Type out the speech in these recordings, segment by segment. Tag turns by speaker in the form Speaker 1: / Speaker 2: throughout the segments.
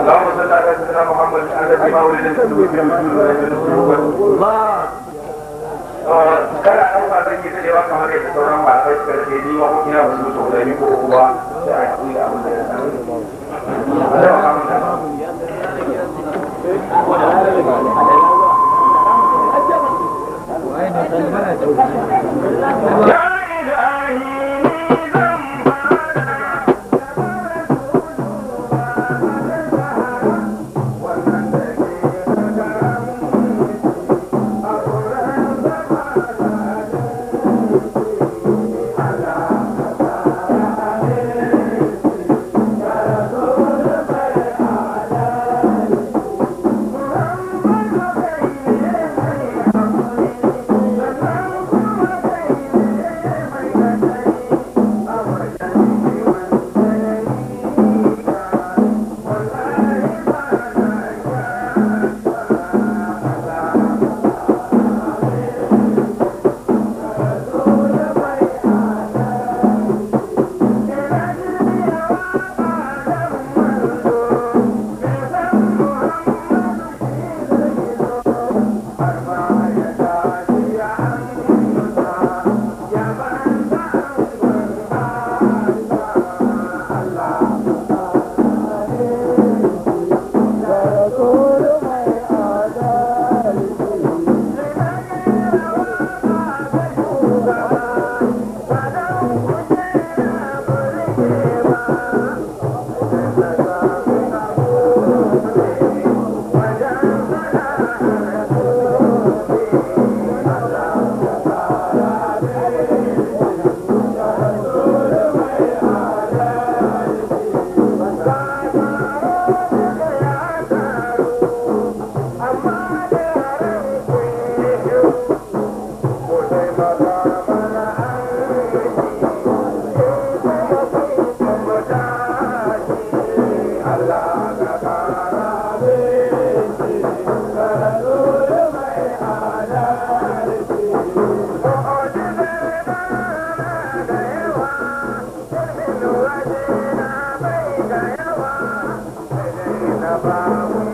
Speaker 1: اللهم صل على سيدنا محمد الذي ما ولد kada an a ya samu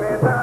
Speaker 2: me man.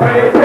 Speaker 3: Amen.